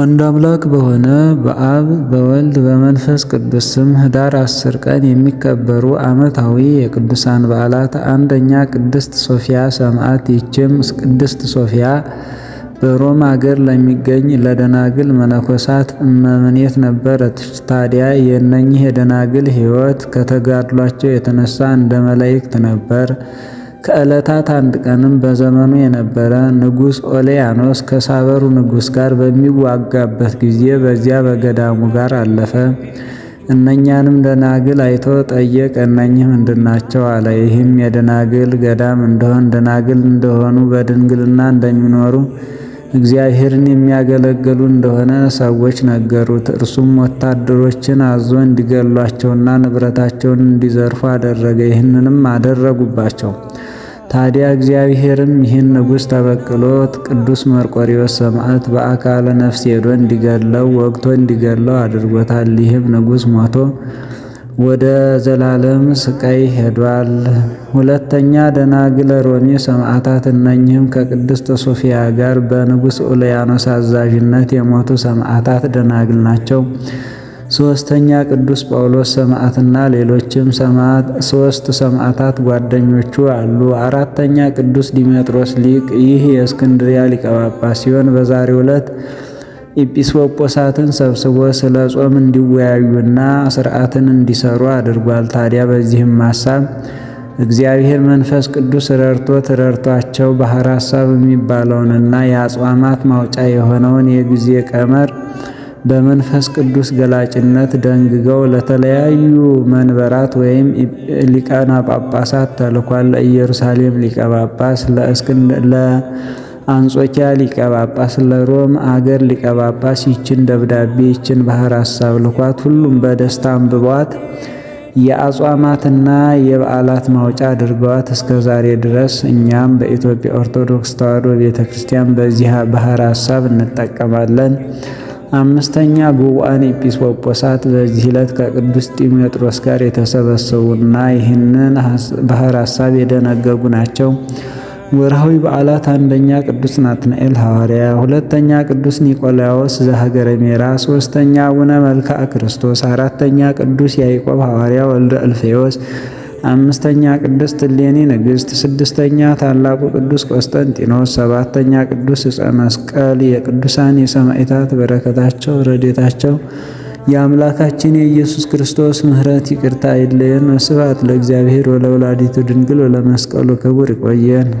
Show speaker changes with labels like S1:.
S1: አንድ አምላክ በሆነ በአብ በወልድ በመንፈስ ቅዱስ ስም ህዳር አስር ቀን የሚከበሩ ዓመታዊ የቅዱሳን በዓላት፣ አንደኛ ቅድስት ሶፊያ ሰማዕት። ይህችም ቅድስት ሶፊያ በሮም አገር ለሚገኝ ለደናግል መነኮሳት እመምኔት ነበረች። ታዲያ የእነኚህ የደናግል ሕይወት ከተጋድሏቸው የተነሳ እንደ መላእክት ነበር። ከዕለታት አንድ ቀንም በዘመኑ የነበረ ንጉሥ ኦሌያኖስ ከሳበሩ ንጉሥ ጋር በሚዋጋበት ጊዜ በዚያ በገዳሙ ጋር አለፈ። እነኛንም ደናግል አይቶ ጠየቅ፣ እነኚህ ምንድናቸው አለ። ይህም የደናግል ገዳም እንደሆን ደናግል እንደሆኑ በድንግልና እንደሚኖሩ እግዚአብሔርን የሚያገለግሉ እንደሆነ ሰዎች ነገሩት። እርሱም ወታደሮችን አዞ እንዲገሏቸውና ንብረታቸውን እንዲዘርፉ አደረገ። ይህንንም አደረጉባቸው። ታዲያ እግዚአብሔርም ይህን ንጉሥ ተበቅሎት ቅዱስ መርቆሪዎስ ሰማዕት በአካለ ነፍስ ሄዶ እንዲገለው ወግቶ እንዲገለው አድርጎታል። ይህም ንጉሥ ሞቶ ወደ ዘላለም ስቃይ ሄዷል። ሁለተኛ ደናግለ ሮሚ ሰማዕታት እነኝህም ከቅድስት ሶፊያ ጋር በንጉሥ ኡልያኖስ አዛዥነት የሞቱ ሰማዕታት ደናግል ናቸው። ሶስተኛ ቅዱስ ጳውሎስ ሰማዕትና ሌሎችም ሶስት ሰማዕታት ጓደኞቹ አሉ። አራተኛ ቅዱስ ዲሜጥሮስ ሊቅ። ይህ የእስክንድሪያ ሊቀ ሲሆን በዛሬው ዕለት ኢጲስቆጶሳትን ሰብስቦ ስለ ጾም እንዲወያዩና ስርዓትን እንዲሰሩ አድርጓል። ታዲያ በዚህም ሀሳብ እግዚአብሔር መንፈስ ቅዱስ ረድቶት ረድቷቸው ባሕረ ሀሳብ የሚባለውንና የአጽዋማት ማውጫ የሆነውን የጊዜ ቀመር በመንፈስ ቅዱስ ገላጭነት ደንግገው ለተለያዩ መንበራት ወይም ሊቃነ ጳጳሳት ተልኳል። ለኢየሩሳሌም ሊቀ ጳጳስ፣ ለአንጾኪያ ሊቀ ጳጳስ፣ ለሮም አገር ሊቀ ጳጳስ ይችን ደብዳቤ ይችን ባህር ሀሳብ ልኳት። ሁሉም በደስታ አንብቧት የአጽዋማትና የበዓላት ማውጫ አድርገዋት እስከ ዛሬ ድረስ እኛም በኢትዮጵያ ኦርቶዶክስ ተዋሕዶ ቤተ ክርስቲያን በዚህ ባህር ሀሳብ እንጠቀማለን። አምስተኛ ጉዋን ኤጲስቆጶሳት በዚህ ዕለት ከቅዱስ ጢሞቴዎስ ጋር የተሰበሰቡና ይህንን ባህር ሐሳብ የደነገጉ ናቸው። ወርሃዊ በዓላት አንደኛ ቅዱስ ናትናኤል ሐዋርያ፣ ሁለተኛ ቅዱስ ኒቆላዎስ ዘሀገረ ሜራ፣ ሶስተኛ አቡነ መልክዓ ክርስቶስ፣ አራተኛ ቅዱስ ያዕቆብ ሐዋርያ ወልደ እልፌዎስ አምስተኛ ቅድስት እሌኒ ንግሥት፣ ስድስተኛ ታላቁ ቅዱስ ቆስጠንጢኖስ፣ ሰባተኛ ቅዱስ ዕፀ መስቀል። የቅዱሳን የሰማዕታት በረከታቸው ረዴታቸው የአምላካችን የኢየሱስ ክርስቶስ ምሕረት ይቅርታ አይለየን። ስብሐት ለእግዚአብሔር ወለወላዲቱ ድንግል ወለመስቀሉ ክቡር። ይቆየን።